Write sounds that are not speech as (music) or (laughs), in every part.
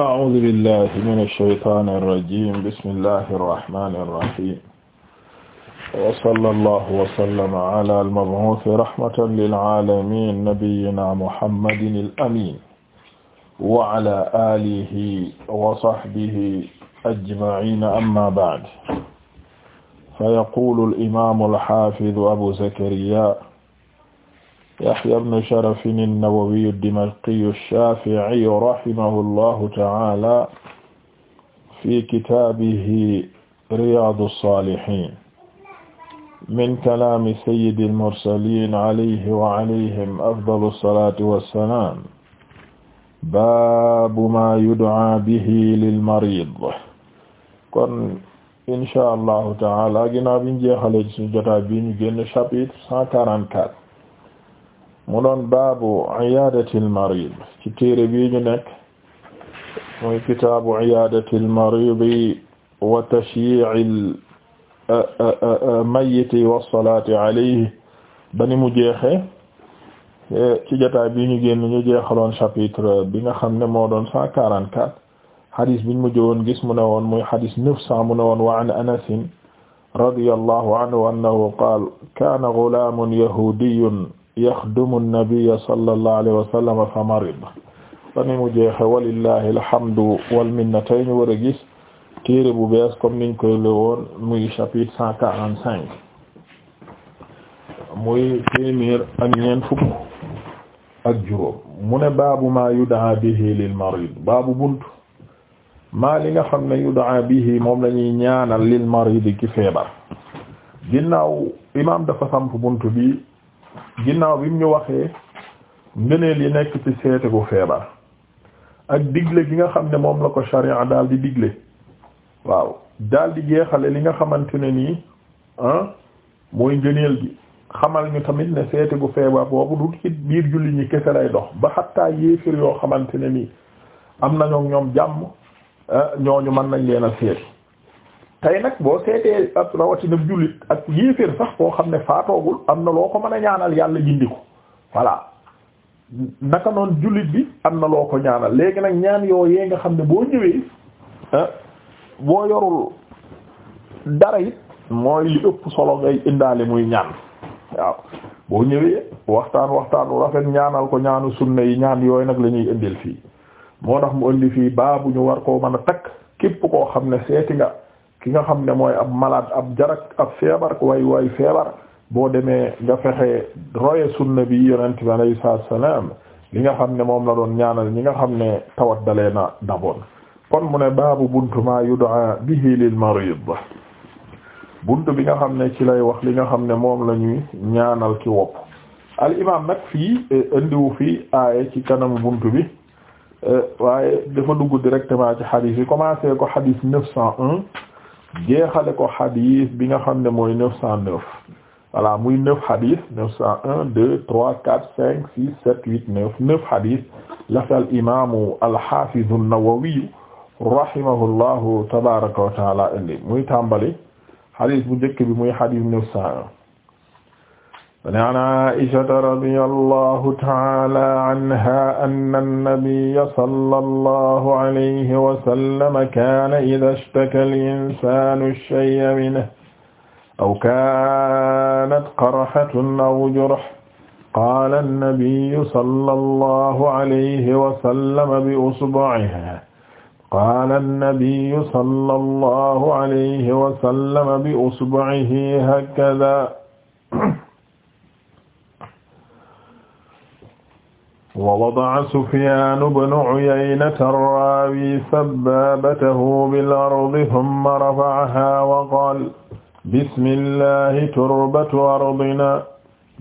أعوذ بالله من الشيطان الرجيم بسم الله الرحمن الرحيم وصلى الله وسلم على المبعوث رحمة للعالمين نبينا محمد الأمين وعلى آله وصحبه أجمعين أما بعد فيقول الإمام الحافظ أبو زكريا يحيى بن شرف النووي الدمشقي الشافعي رحمه الله تعالى في كتابه رياض الصالحين من كلام سيد المرسلين عليه وعليهم أفضل الصلاة والسلام باب ما يدعى به للمريض kon إن شاء الله تعالى ginnaaw bi ñu jeexalee ci jotaay bi ñu génn chapitre 144 mu doon baabu iyaadatil mariid ci téere bii ñu nekk muy kitaabu iyaadatil mariid wa tashyi'il mayyiti wa salaati alayhi bani mu jeexe e, ci jotaay bii ñu génn ñu jeexaloon chapitre bi nga xam ne moo doon cent quarante-quatre xadis biñ mu jëwoon gis mu ne woon muy xadis neuf cent mu ne woon wa an anasin radiyallahu anhu annahu qaala kaana ghulaamun yahuudiyyun yaxdumu an-nabiyya sallallahu alayhi wa fa marid fani mu jeexe walillahi alhamdu wal minna tey ñu war a gis bu bees comme niñ koy le muy chapitre cent quarante cinq muy téeméer ak ñeent fukk ak juróom mu ne baabu maa yudaa bihi lil marid baabu bunt maa li nga xam ne yudaa bihi moom la ñuy ñaanal lil marid ki feebar ginnaaw imaam dafa samp bunt bi ginnaaw bi mu ñu waxee ngëneel yi nekk ci seete gu feebar ak digle gi nga xam ne moom la ko sharia daal di digle waaw daldi di jeexale li nga xamante ne nii mooy ngëneel gi xamal ñu tamit ne seete gu feebar boobu du ci biir julli ñi kese dox ba xattaa yéefir yoo xamante ne nii am nañoo ñoom jàmm ñooñu mën nañ leen a seeti tey nag boo seetee ak rawatina jullit ak yéeféer sax koo xam ne faatoogul am na loo ko mën a ñaanal yàlla gindi ko voilà naka noon jullit bi am na loo ko ñaanal léegi nag ñaan yoo yee nga xam ne boo ñëwee ah, boo yorul dara it mooy li ëpp solo ngay indaale muy ñaan waaw boo ñëwee waxtaan waxtaan rafet ñaanal ko ñaanu sunna yi ñaan yooyu nag lañuy indil fii moo tax mu indi fii baa bu ñu war koo mën a takk képp koo xam ne seeti nga ki nga xam ne mooy ab malaat ab jarak ab feebar way way feebar boo demee nga fexe roye sunna bi yonent bi alayhi salaam li nga xam ne moom la doon ñaanal ñi nga xam ne tawat dalee na daboon kon mu ne baabu buntu ma yudaa bihi lil marid buntu bi nga xam ne ci lay wax li nga xam ne moom la ñuy ñaanal ki wopp al imam nag fii e, indiwu fii aaye ci kanamu bunt bi e, waaye dafa dugg directement ci xadiis yi commencé ko xadiis neuf cent un jeexale ko xadiis bi nga xam ne mooy neuf cent neuf voilà muy neuf xadiis neuf cent un deux trois quatre cinq six sept huit neuf neuf xadiis lafal imaamu alxaafizu nawawiyu rahimahullahu tabaraka wa taala indi muy tàmbali xadiis bu njëkk bi muy xadiis neuf cent un an Aysata radiyallahu ta'ala anha anna an-nabiyya sallallahu alayhi wa sallam kaana idhaa ishtaka al-insaanu ash-shay'a minhu aw kaanat qarhatun aw jurhun qaala an-nabiyyu sallallahu alayhi wa sallam bi usbu'ihaa qaala an-nabiyyu sallallahu alayhi wa sallam bi usbu'ihi haakadhaa wa wada'a Sufyaanu bnu Uyaynata arraawi sabbaabatahu bil ardi thumma rafa'ahaa wa qaala bismillahi turbatu ardinaa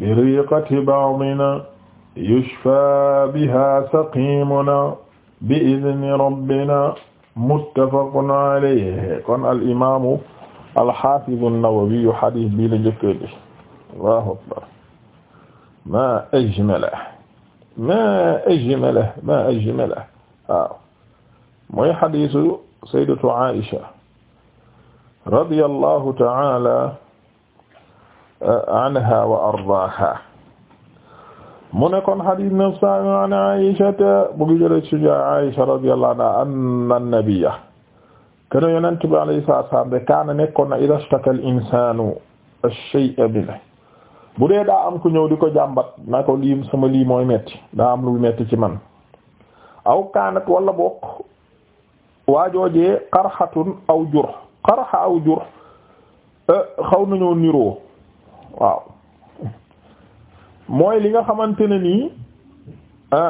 biriiqati ba'dinaa yushfaa bihaa saqiimunaa bi-idhni rabbinaa muttafaqun alayhi kon al-imaamu al-haafiz an-Nawawi hadiis bii la njëkk a Allahu akbar maa ajmalahu ma ajmala ma ajmala waaw mooy xadiisu sayyidatu Aisha radiyallahu ta'ala eh, anha wa ardaaha mu ne kon xadiis neuf cent an Aisha bu ngi jële ci Aisha radiyallahu anha anna nabiyya kana yonent bi alayhi salaatu wa salaam de kaana nekkoon na idaa ishtaka al-insaanu ash-shay'a minhu bu dee daa am ku ñëw di ko jàmbat na ko lii sama lii mooy metti daa am lu metti ci man aw kaanat walla bokk waajoojee xarxatun aw jur xarxa aw jur e, xaw nañoo niroo waaw mooy li nga xamante ne nii e,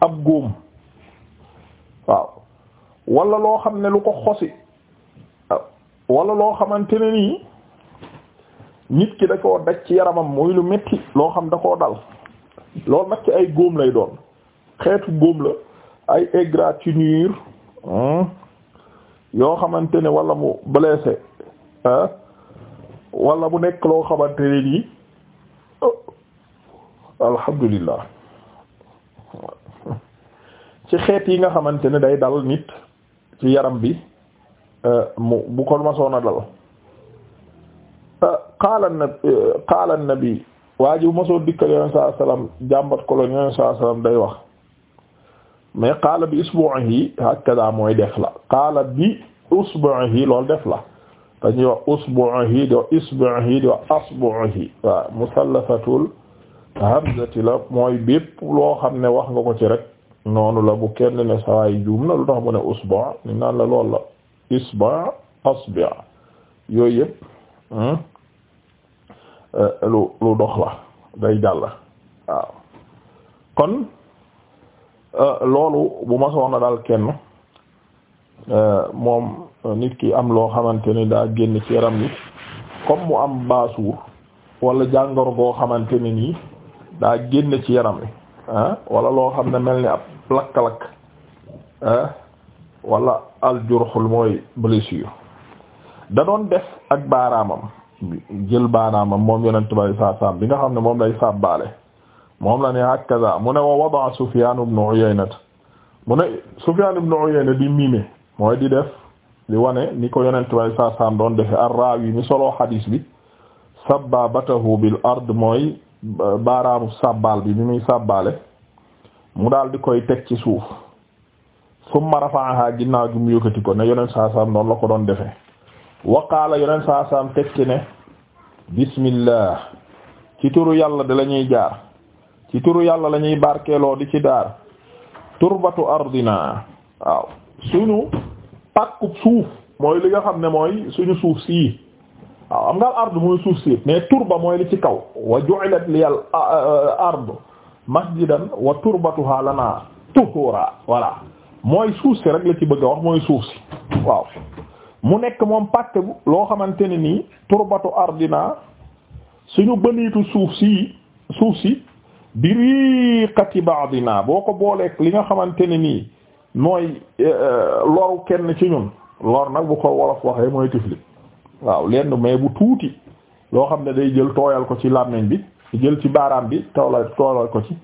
ab góom waaw wala loo xam ne lu ko xosi wala loo xamante nii nit ki da koo daj ci yaramam muy lu metti loo xam da koo dal lool nag ci ay góom lay doon xeetu góom la ay égratignure yoo xamante ne walla mu blessé wala mu nekk loo xamante ne nii oh, alhamdulillah ci xeet yi nga xamante ne day dal nit ci yaram bi euh, mu bu ko masoon a dal qaala na qaala nabi waa ji bu mosoo dikkal yoneen saa salaam jàmbat ko loolu yoneen saa salaam day wax mais qaala bi usbu'ihi hakada mooy def la qaala bi usbu'ihi loolu def la dañuy wax usbu'ihi di wax isbu'ihi di wax asbu'ihi waaw musallafatul hamzati la mooy bépp loo xam ne wax nga ko ci rek noonu la bu kenn ne sawaay juum na lu tax mu ne usbu' ni naan la loolu la isbu' asbi' yooyu Euh, lu lu dox la day jàll waaw kon euh, loolu bu ma soxna daal kenn euh, moom nit ki am loo xamante ni daa génn ci yaram nit comme mu am baasuur wala jàngoro goo xamante ne nii daa génn ci yaram wi ah wala loo xam ne mel ni ab lakk-lakk wala al jurxul mooy blessure da doon def ak baaraamam jël baaraamam moom yonent bi saa bi nga xam ne moom lay sàbbaale moom la ne hakaza mu ne wa wada Sufyaan ibn Uyayna mu ne Sufyaan ibn Uyayna di mime mooy di def li wane ni ko yonent bi saa saam doon defe ar-raawi mi solo xadiis bi sabbabatahu bil ard mooy baaraamu sàbbaal bi bi muy sàbbaale mu daal di koy teg ci suuf summa rafa'aha ginnaaw gi mu yëkkati ko ne yonent saa saam la ko doon defee waqaala yoneen saa saam tekki ne bismillah ci turu yàlla da la ñuy jaar ci turu yàlla la ñuy barkeeloo di ci daar turbatu ardina waaw suñu pàkkub suuf mooy li nga xam ne mooy suñu suuf sii waaw am nga al ard mooy suuf si mais turba mooy li ci kaw wa ju'ilat li al ard masjidan wa turbatuha lana tuhura voilà mooy suuf si rek la ci bëgg a wax mooy suuf si waaw mu nekk moom pàcc bu loo xamante ne nii turbatu ardina suñu bëniitu suuf si suuf si bi riqati baadina boo ko booleek li nga xamante ne nii mooy eh, eh, loru kenn ci ñun lor nag bu ko wolof waxee mooy tifli waaw lenn mais bu tuuti loo xam ne day jël tooyal ko ci làmmiñ bi jël ci baaraam bi toola toolal ko ci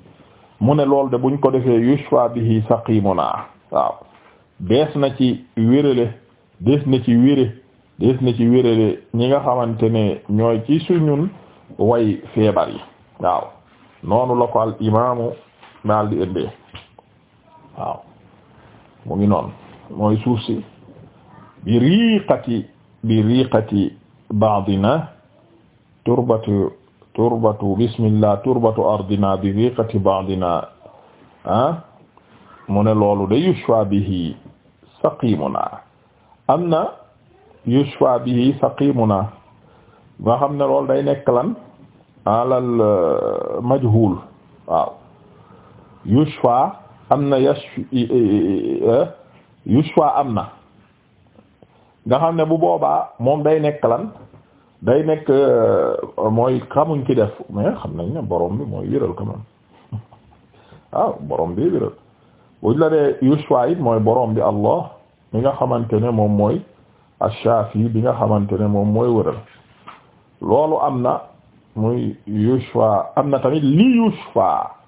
mu ne loolu de buñ ko defee yushfa bihi saqimuna waaw bees na ci wérale des na ci wéré des na ci wéré ñi nga xamante ne ñooy ci suñun way feebar yi waaw noonu la ko al imaamu daal di indee waaw mu ngi noonu mooy suuf si bi riqati bi riqati baadina turbatu turbatu bismillah turbatu ardina bi riqati baadina ah mu ne loolu de yushwa bihi saqimuna am na yushfa bihi saqimuna nga xam ne loolu day nekk lan alal euh, majhul waaw yushfa am na yash eh? am na nga xam ne bu boobaa moom day nekk lan day nekk euh, mooy xamuñ ki def mais xam nañ ne borom bi mooy wéral quand même (laughs) waaw borom bi wéral buñ la dee yushfa it mooy borom bi Allah mi nga xamante ne moom mooy ash-Shafi bi nga xamante ne moom mooy wëral loolu am na muy yushfa am na tamit li yushfa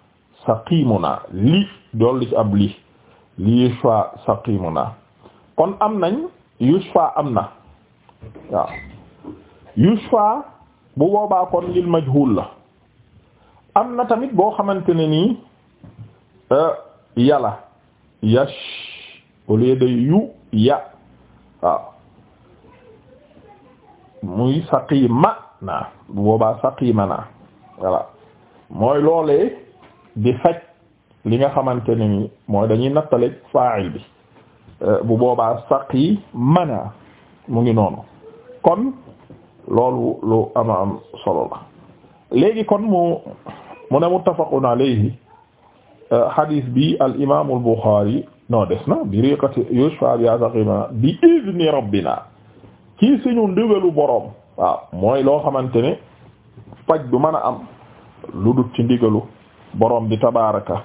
saqimuna li dool li ci ab li li yushfa saqimuna kon am nañ yushfa am na waaw bu boobaa kon lil majhul la am na tamit boo xamante ne nii euh, yàlla yash au lieu de yu ya waaw muy saqima naa bu boobaa saqima naa voilà mooy loolee bi faj li nga xamante ne ni mooy dañuy nattale fa'il bi euh, bu boobaa saqima naa mu ngi noonu kon loolu lu ama am solo la léegi kon mu mu ne muttafaqun alayhi euh, hadith bi al imaamul Bukhari non des na bi riqati yushfa bi asaqima bi izni rabbina ci suñu ndigalu boroom waaw mooy loo xamante ne paj du mën a am lu dut ci ndigalu boroom bi tabaraka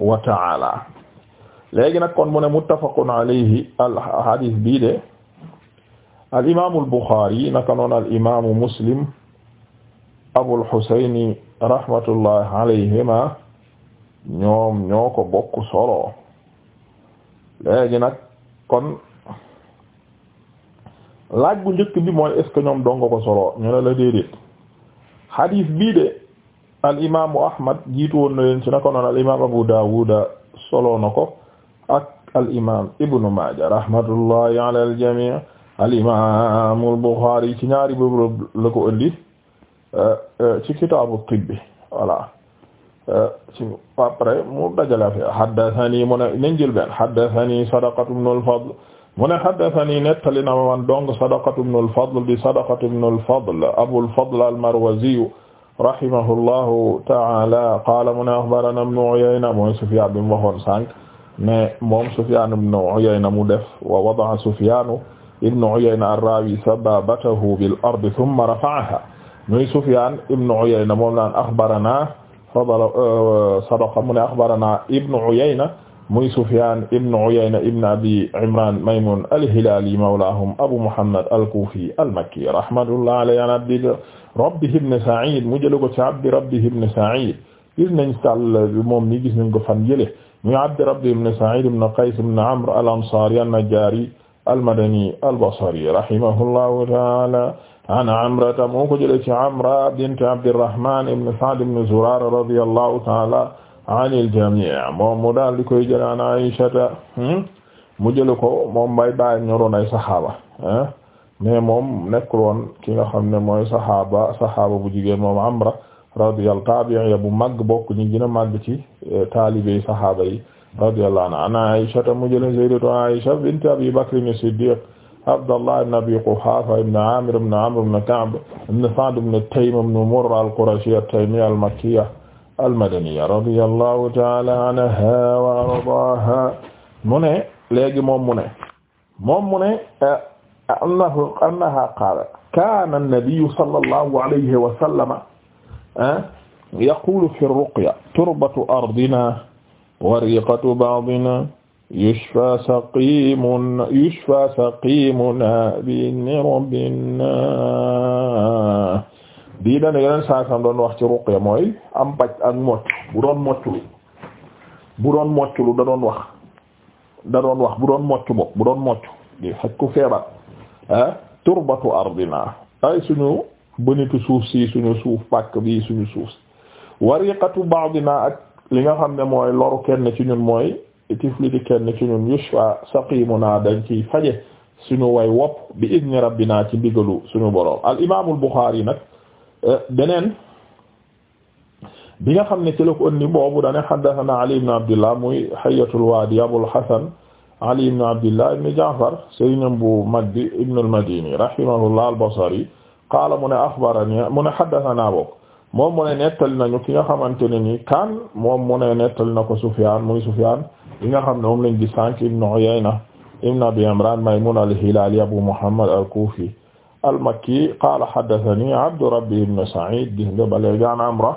wa taala léegi nag kon mu ne muttafaqun alayhi al hadith bii de al imaamu al buxaari naka al imaamu muslim abul xusayni rahmatullah solo léegi nag kon laaj bu njëkk bi mooy est ce que ñoom donga ko solo ñu ne la déedéet hadith bii de al imaamu Ahmad jiitu woon na leen ci naka noonu al imaam Abu Dawud solo ko ak al imaam Ibn Maaja rahmatullahi ala al jamii al imaam al ci ñaari boobu la ko indi eh, eh, ci kitaabu tibbi voilà. ci après mu dajale fi haddathani mu ne nañ jël benn haddathani Sadaqatu ibn al-Fadl mu ne haddathani nettali na ma man dong Sadaqatu ibn al-Fadl di Sadaqatu ibn al-Fadl Abu al-Fadl al-Marwazi rahimahullahu ta'ala qaala mu ne akhbarana ibn Uyayna mooy Sufyan bi mu waxoon sànq ne moom Sufyan ibn Uyayna mu def wa wada'a Sufyan ibn Uyayna ar-rawi sababatahu bil ardi thumma rafa'aha mooy Sufyan ibn Uyayna moom laan akhbarana fadala euh, euh, sadaqa mu ne axbarana ibnu Uyayna muy Sufyaan ibnu Uyayna ibnu abi Imraan Maymuun al-Hilaali mawlaahum Abu Muhammad al-Kuufi al-Makki rahmatullahi alayhi an abdi rabbihi ibn Sa'iid mu jële ko ci abdi rabbihi ibn Sa'iid gis nañ sàll moom ni gis nañ ko fan yële muy abdi rabbihi ibn Sa'iid ibn Qays ibn Amr al-Ansaari an-Najjaari al-Madani al-Basri rahimahullahu ta'aala an amrata moo ko jëlee ci amra bint abdirrahman ibn sa'd ibn zurara radiyallahu ta'ala anil jami' mu daal di koy jëlee an aishata hmm? mu jële ko moom bay baay ñoroon ay saxaaba mais moom nekkul woon ki nga xam ne mooy saxaaba saxaaba bu jigéen moom amra radiyallahu tabi'iyya bu mag bokk ñi gën a mag ci eh, taalibey saxaaba yi radiyallahu anha an aishata mu jëlee sayyidatu aisha bint abi bakr siddiq Abdallah ibn Abi Quhaafa ibn Aamir ibn Amr ibn Ka'b ibn Sa'd ibn Taym ibn Murra al-Qurashiyya at-Taymiyya al-Makkiyya al-Madaniyya radiyallahu ta'ala anha wa ardaaha mu ne léegi moom mu ne moom mu ne eh, annahu annaha qaalat kaana an-nabiyyu sallallahu alayhi wa sallama eh, yaqulu fi ar-ruqya turbatu ardina wa riqatu ba'dina yushfa saqimun yushfa saqimuna bi ni rabbina dii dane yeneen saasam doon wax ci ruqya mooy am paj ak mocc bu doon mocclu bu doon mocclu da doon wax da doon wax bu doon mocc bopp bu doon mocc di faj ku feebar ah turbatu ardina ay suñu bënitu suuf si suñu suuf pàkk bi suñu suuf si wariqatu ba'dina ak li nga xam ne mooy loru kenn ci ñun mooy ci tifli ci kenn ci ñun yushfa saqimunaa dañ ciy faje suñu way wopp bi idni rabbinaa ci ndigalu suñu boroom al imaamul Buxaari nag eh, beneen bi nga xam ne ci la ko ëndi boobu dane haddathana Ali ibn Abdillah muy Ali ibn Abdillah ibn Ja'far sëriñam bu mag bi ibn al-Madini rahimahullah al-Basri qaala mu ne akhbarani mu ne haddathana bok moom ki nga xamante ne ni kan moom na ko Sufyaan muy Sufyaan li nga xam ne moom lañ gis sànq ibn Uyayna ibn Abi Imran Maymun al-Hilali Abu Muhammad al-Kufi al-Makki qala haddathani Abdu Rabbi ibn Sa'id gis nga bale an Amra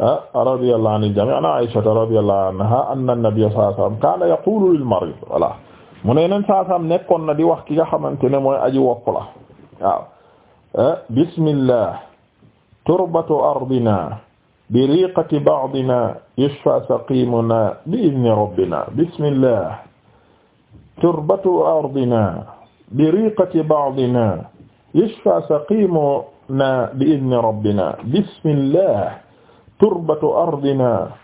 ah, radiyallahu anil jami' an Aisha radiyallahu anha anna an-nabiyya sallallahu alayhi wasallam kana yaqulu lil marid voilà mu ne neen saasam nekkoon na di wax ki nga xamante ne mooy aji wopp la waaw eh, bismillah turbatu ardina bi riqati ba'dina yashfa saqimuna bi idni rabbina bismillah turbatu ardina bi riqati ba'dina yashfa saqimuna bi idni rabbina bismillah turbatu ardina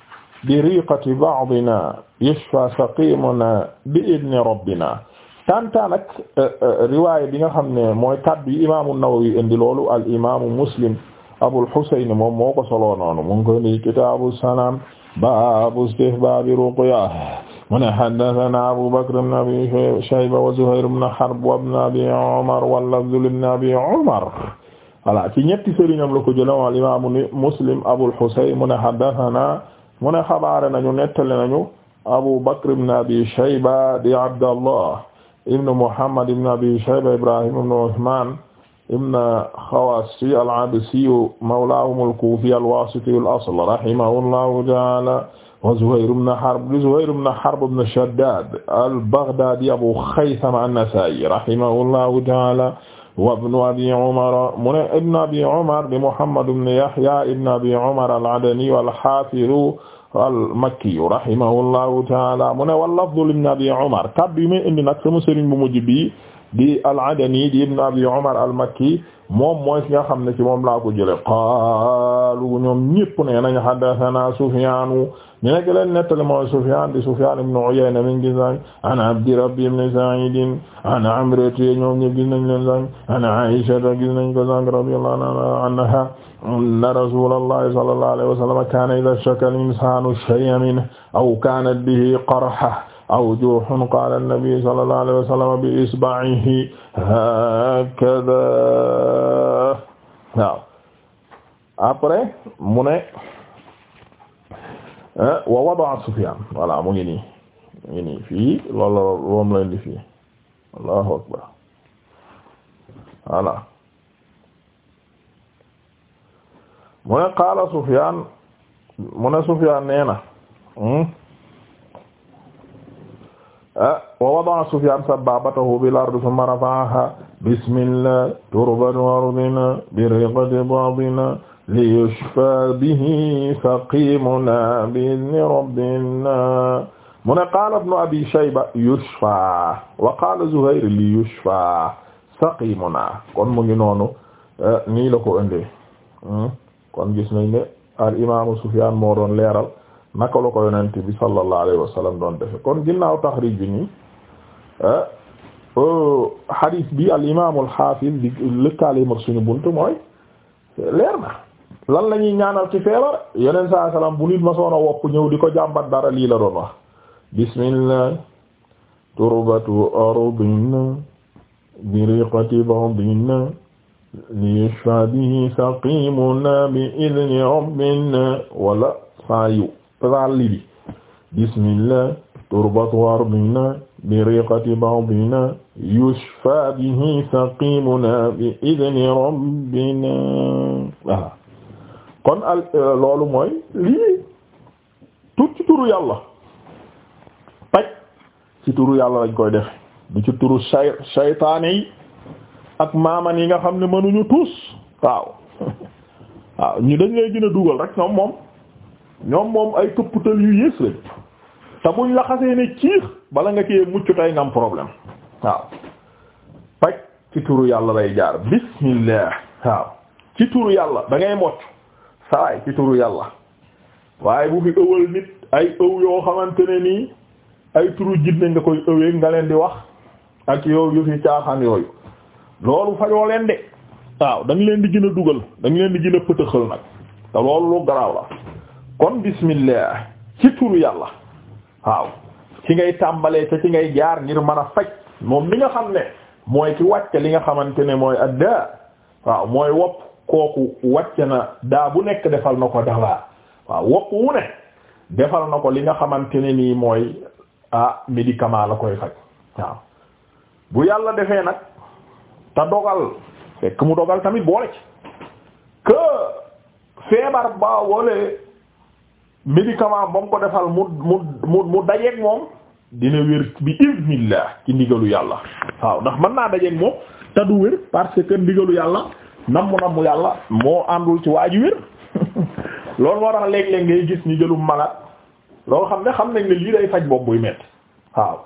bi riqati ba'dina yashfa saqimuna bi idni rabbina tanta nag eh, eh, riwaaya bi nga xam ne mooy kaddu yi imaamu Nawawi indi loolu al imaamu Muslim Abul Husayn moom moo ko solo noonu mu ngi koy ni kitaabu salaam baabu istihbaabi ruqya mu ne haddasanaa Abu Bakr ibn Abi Shayba wa Zuhayr ibn Harb wa ibn Abi Umar wal lafzu li ibn Abi Umar voilà ci ñetti sëriñam la ko jëlee wal imaamu Muslim Abul Husayn mu ne haddasanaa mu ne xabaare nañu nettali nañu Abu Bakr ibn Abi Shayba di Abdallah ibn Muhammad ibn Abi Shayba Ibrahim ibn Usmaan ibn Xawaasi al-Absi mawlaahum al-Kuufi al-Waasiti al-asl rahimahullahu ta'aala wa Zuhayr ibn Harb Zuhayr ibn Harb ibn Shaddaad al-Baghdaadi Abu Xaysama an-Nasaa'i rahimahullahu ta'aala wa ibn Abi Umar mu ne ibn Abi Umar di Muhammad ibn Yahya ibn Abi Umar al-Adani wal-Haafiz al-Makki rahimahullahu ta'aala mu ne wal-lafzu li ibn Abi Umar kaddu yi may indi nag sama sëriñ bu mujj bi di al-Adani di ibn Abi Umar al-Makki moom mooy ki nga xam ne ci moom laa ko jële qaalu ñoom ñëpp nee nañ haddathana Sufyan ñu nekk leen nettali mooy Sufyan di Sufyan ibn Uyayna min gis nañ an Abdi Rabbi ibn Sa'id an Amrata ñoom ñëpp gis nañ leen sang an Aisha gis nañ ko sang radiyallahu anha anna rasulallahi sallallahu alayhi wa sallam kana idha shaka al-insanu shay'an aw kanat bihi qarha aw juuxun qaala annabi sallallahu alayhi wa sallam bi isba'ihi hakada waaw après mu ne eh, wa wada'a Sufyaan voilà mu ngi nii mu ngi nii fii loolu loom leen di fii Allahu akbar voilà mu ne qaala Sufyaan mu ne Sufyaan nee na hmm? Ah, wa wada'a Sufyaan sabbaabatahu bil ardi thumma rafa'ahaa bismillah turbatu ardina biriqati ba'dina liyushfaa bihi saqiimunaa bi-izni rabbinaa mu ne qaala ibnu Abii Shayba yushfaa wa qaala Zuhayr liyushfaa saqiimunaa kon mu ngi noonu eh, nii la ko ëndee hmm? kon gis nañ ne al imaamu Sufyaan moo doon leeral naka la ko yonent bi sallallahu alayhi wa sallam doon defe kon ginnaaw taxrij bi nii hadith ah, euh, bi al imaam al xaafiz di lëkkaale mag suñu buntu mooy leer na lan la ñuy ñaanal ci feebar yeneen saa salaam bu nit ma soon a wopp ñëw di ko jàmbat dara lii la doon wax bismillah turbatu ardina biriqati ba'dina liyashfa bihi saqimuna bi idni rabbina wala saa yu salli bi bismillah turbat wardina biriqati ba'dina yushfa bihi saqimuna bi idni rabbina voilà kon al euh, loolu mooy lii tut ci turu yàlla paj ci turu yàlla lañ koy defe du ci turu say saytaane ak maaman yi nga xam ne mënuñu tuus waaw (laughs) waaw ñu dañ lay gën a dugal rek ñoom moom ñoom moom ay tuppatal yu yées lañ te buñ la xasee ne ciix bala nga cee mucc tey nga am problème waaw paj ci turu yàlla lay jaar bismillah waaw ci turu yàlla da ngay mocc sawaay ci turu yàlla waaye bu fi ëwal nit ay ëw yoo xamante ne nii ay turu jinne nga koy ëwee nga leen di wax ak yow yu fi caaxaan yooyu loolu fajoo leen de waaw da leen di gën a dugal da leen di gën a nag te loolu lu garaaw la kon bismillah ci turu yàlla waaw ci ngay tàmbalee te ci ngay jaar ngir mën a faj moom mi nga xam ne mooy ki wàcce li nga xamante ne mooy adda waaw mooy wopp kooku wàcce na daa bu nekk defal na ko dawaa waaw wopp wu ne defal na ko li nga xamante ne nii mooy ah médicament la koy faj waaw bu yàlla defee nag te dogal fekk mu dogal tamit boole ci que feebar ba wole médicament ba mu ko defal mu mu mu mu dajeeg moom dina wér bi iznillah ci ndigalu yàlla waaw ndax mën naa dajeeg moom te du wér parce que ndigalu yàlla nammu nammu yàlla moo àndul ci waa ji wér (laughs) loolu moo tax léeg ngay gis ñu jëlum malade loo xam ne xam nañ ne lii day faj bopp buy métti waaw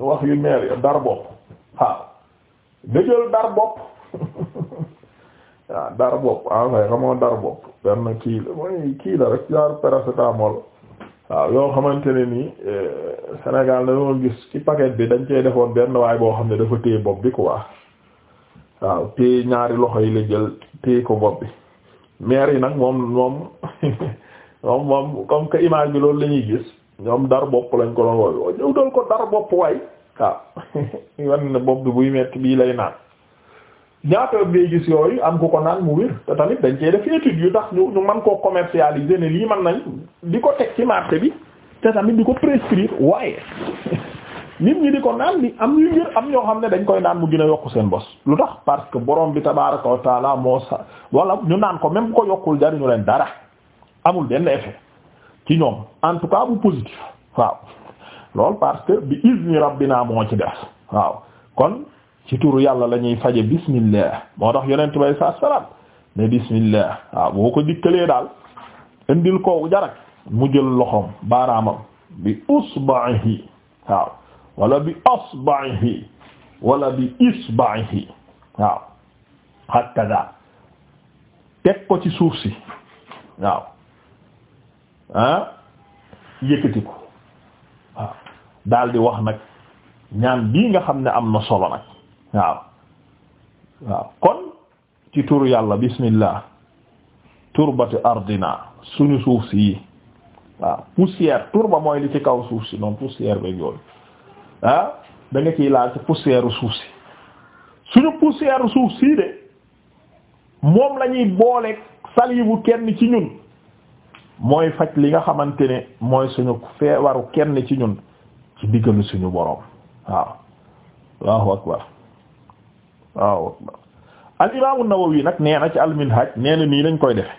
wax yu meer dar bopp waaw nga jël dar bopp waaw ah, dar bopp en ah, fait xamoo dar bopp benn kii la mooy kii la rek genre paracétamol waaw yoo xamante ne nii eh, Sénégal dañoo gis ci paquet bi dañ cee defoon benn waay boo xam ne dafa téye bopp bi quoi waaw téye ñaari loxo yi la jël téye ko bopp bi maire yi nag moom moom (laughs) moom moom comme que image bi loolu la gis ñoom dar bopp lañ ko doon wooyu ko dar bopp waay waaw (laughs) wan ne bopp bi buy metti bii lay naan ñaata ngay gis yooyu am ku ko naan mu wér te tamit dañ cee def étude yu tax ñu ñu mën koo commercialiser ne lii mën nañ di ko teg ci marché bi te tamit di ko prescrire waaye (laughs) nit ñi di ko naan di am yu ngir am ñoo xam ne dañ koy naan mu gën a yokk seen bos lu tax parce que borom bi tabaaraka wa taala moo sa wala ñu naan ko même ko yokkul jariñu leen dara amul benn effet ci ñoom en tout cas bu positif waaw loolu parce que bi izni rabbina moo ci def waaw ci turu yàlla la ñuy faje bismillah moo tax yonent bay saa salaam ne bismillah waaw boo ko dikkalee daal indil ko jarak mu jël loxoom baaraamam bi usba'ihi waaw wala bi asba'ihi waaw hakada teg ko ci suuf si waaw ah yëkkati ko waaw daal di wax nag ñaan bii nga xam ne am na solo nag waaw waaw kon ci turu yàlla bismillah turbati ardina suñu suuf si yi waaw poussière turba mooy li ci kaw suuf si noonu poussière ba yooyu ah da nga ciy laal ci poussière suuf si suñu poussière suuf sii de moom la ñuy saliibu kenn ci ñun mooy faj li nga xamante ne mooy suñu feebaru kenn ci ñun ci diggalu suñu boroom waaw allahu akbar waaw al imaamu Nawawi nag nee na ci al minhaj nee na nii lañ koy defe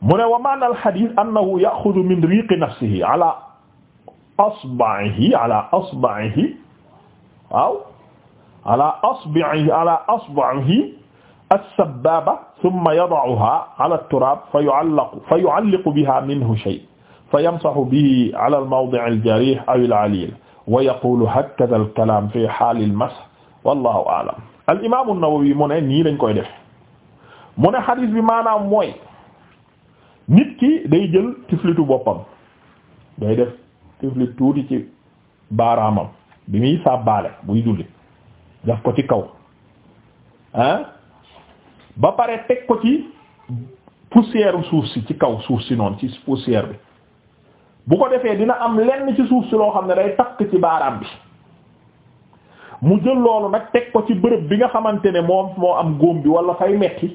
mu ne wa maana al hadith annahu ya'khudhu min riqi nafsihi ala asba'ihi ala asba'ihi waaw ala asbi'ihi ala asba'ihi as-sabbaba thumma yada'uha ala at-turab fa yu'allaqu fa yu'allaqu biha minhu shay' fa yamsahu bihi ala al-mawdi' al-jarih aw al-'alil wa yaqulu hakadha al-kalam fi hal al-mash wallahu aalam al imaamu Nawawi mu ne nii lañ koy def mu ne xadiis bi maanaam mooy nit ki day jël tiflitu boppam day def tiflit tuuti ci baaraamam bi muy sàbbaale buy julli daf ko ci kaw ah ba pare teg ko ci poussière suuf si ci kaw suuf si noonu ci poussière bi bu ko defee dina am lenn ci suuf si loo xam ne day takk ci baaraam bi mu jël loolu nag teg ko ci bërëb bi nga xamante ne moom moo am góom bi wala fay metti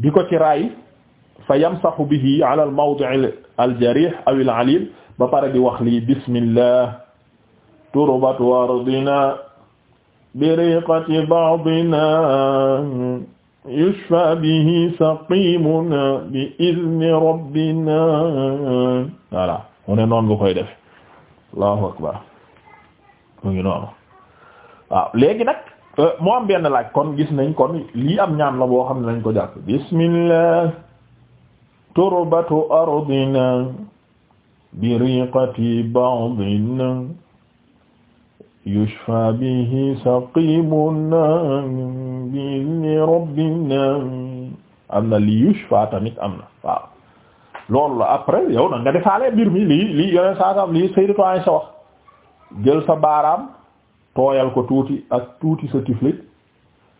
di ko ci raay fa yamsahu bihi ala al mawdi' al jarih aw al alil ba pare di wax lii bismillah turbat wardina biriqati ba'dina yushfa bihi bi izni rabbina voilà mu ne noonu nga koy def allahu akbar waaw léegi nag euh, moo am benn laaj kon gis nañ kon lii am ñaan la boo xam ne nañ ko jàpp bismillah turbatu ardina biriqati ba'dina yushfa bihi saqimuna bi'izni rabbina am na lii yushfa tamit am na waaw loolu la après yow na nga defaale mbir mi lii lii yoneen saa sam lii Sayyidatu Aisha wax jël sa baaraam tooyal ko tuuti ak tuuti sa tiflit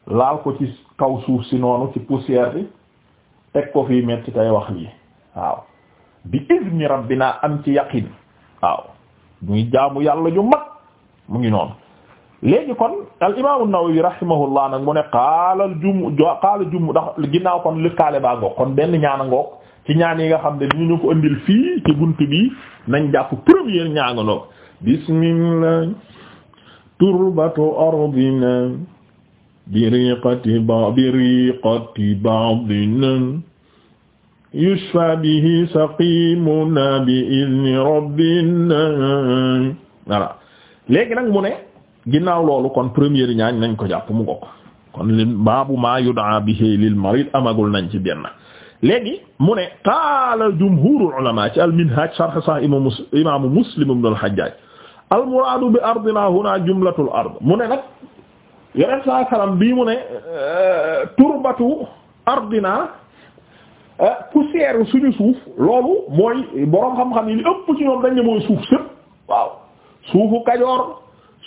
laal ko ci kaw suuf si noonu ci poussière bi teg ko fii metti tey wax lii waaw bi izni rabbina am ci yaqin waaw muy jaamu yàlla ju mag mu ngi noonu léegi kon al imaamu an-Nawawi rahimahullah nag mu ne xaalal jum xaala jum ndax ginnaaw kon lëkkaale baa ngoog kon benn ñaana ngoog ci ñaan yi nga xam ne ni ñu ko indil fii ci bunt bi nañ jàpp premier ñaangaloo bismillah turbatu ardina biriqati ba biriqati ba'dina yushfa bihi saqimuna bi izni rabbina voilà léegi nag mu ne ginnaaw loolu kon première ñaañ nañ ko jàpp mu bokk kon li baabu maa yud'a bihi lil marid amagul nañ ci benn léegi mu ne qaala jumhurul ulama ci al minhaj sharh sahih imam muslim ibn al hajjaj al muraadu bi ardina huna jumlatul ard mu ne nag yeneen saa bii mu ne euh, turbatu ardina euh, poussière suñu suuf loolu mooy boroom xam-xam yi li ëpp ci ñoom dañ ne mooy suuf sëpp waaw suufu Kajoor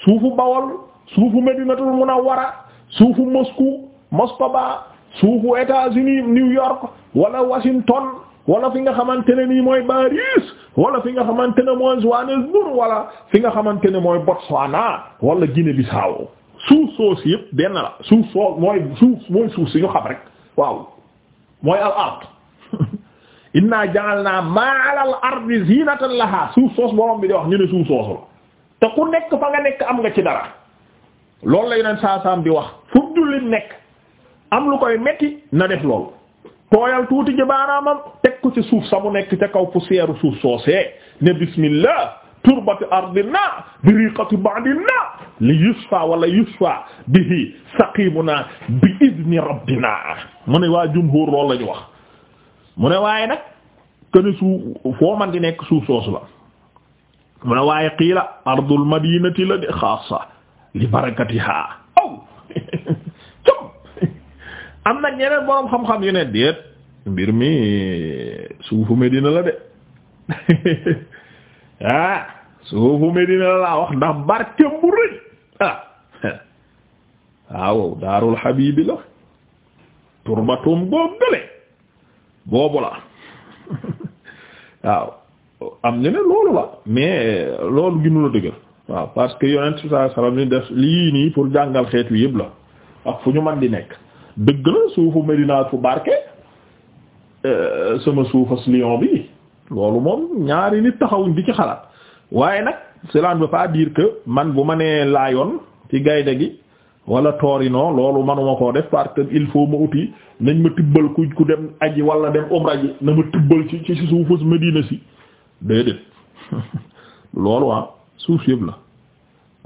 suufu Bawol suufu Medinatul Munawwara suufu Moscou Moskva suufu États-Unis New York wala Washington wala fi nga xamante ne nii mooy Paris wala fi nga xamante ne mooy Johannesburg wala fi nga xamante ne mooy Botswana wala bi bissau suuf soos yëpp benn la suuf soo mooy suuf si ñu xam rek waaw mooy al ard (laughs) inna ja'alna ma'al al ardi zinatan laxaa suuf soos borom bi di wax ñu ne suuf soosu la te ku nekk fa nga nekk am nga ci dara loolu la yeneen saasaam saam di wax fu jullit nekk am lu koy metti na def loolu tooyal tuuti ci baaraamam teg ko ci suuf sa mu nekk ca kaw poussière suuf soosee ne bismillah turbati ardina bi riqati ba'dina li yusfa wala yusfa bihi saqimuna bi idni rabbina mu ne waa jumhur loolu la ñu wax mu ne waaye nag kene suuf foo di nekk suuf soosu la mu ne waaye qiila ardul madinati la de xaasa li barakatiha aw (laughs) am nag ñeneen borom xam-xam yu ne mbir mi suufu Medina la de (laughs) ah, suufu Medina la laa wax ndax barkeem bu rëy ah. (laughs) waaw daarul habibi la turbatum boobu gële la (laughs) waaw am ñu ne loolu la mais loolu gënu la dëggal waaw parce que yonent sallallahu alayhi wasallam ni def lii nii pour jàngal xeet wi yëpp la ak fu ñu man di nekk dëgg la suufu Medina fu barke euh, sama suufas Lyon bi loolu moom ñaari nit taxawuñ di ci xalaat waaye nag cela ne veut pas dire que man bu ma nee laayoon ci gaynde gi wala toorino loolu manuma ko def parce que il faut ma uti nañ ma tibbal ku ku dem aji wala dem umra na ma tibbal ci ci suufas Medina si déedéet (laughs) loolu ah suuf yëpp la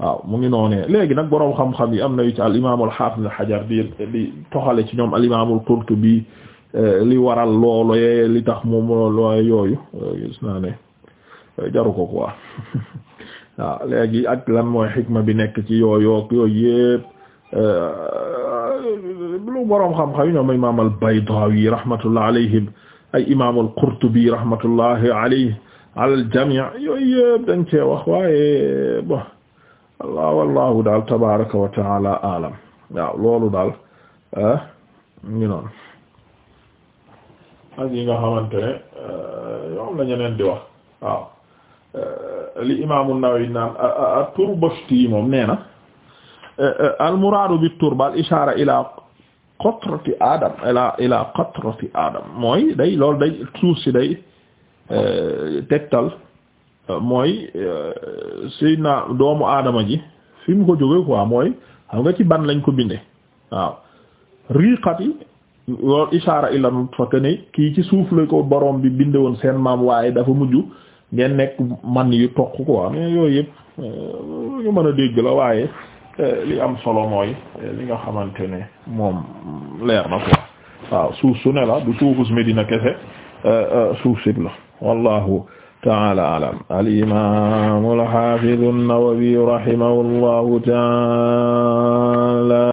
waaw mu ngi noonee léegi nag boroom xam-xam yi am na yu ci al imaamul xaafis xajar di di toxale ci ñoom al imaamul Qurtubi eh, li waral looloo li tax moom looloo yooyu gis naa ne eh, jaru ko quoi (laughs) waaw léegi ak lan mooy xikma bi nekk ci yooyu yooyu yëpp eh, lu boroom xam-xam yi ñoom imaam al Baydaawi rahmatullah alayhim ay imaamul Qurtubi rahmatullahi alayhi alal jamii yooyu yëpp dañ cee wax waaye bon. allah wallahu daal tabaraka wa taala alam waaw loolu daal eh, ngi noonu ak yi nga xamante ne eh, yoom la ñeneen di wax eh, li imaamu An-Nawawi naan at-Turbashti moom nee na al-muraadu bit-turba al-ishaara ilaa qatrati Adam mooy day loolu day suuf si day tegtal mooy euh, Seydina doomu aadama ji fi mu ko jógee quoi mooy xam nga ci ban lañ ko bindee waaw riqati loolu ishaara illa nutfata ne kii ci suuf la ko borom bi binde woon seen maam waaye dafa mujj ngeen nekk man yu toq quoi mais yooyu yëpp euh, ñu mën a dégg la waaye euh, li am solo mooy li nga xamante ne moom leer na quoi waaw suuf su ne la du suufus Medina kese suuf sib la wallahu taala alam alimamu alhafidu an-Nawawi rahimahullahu taala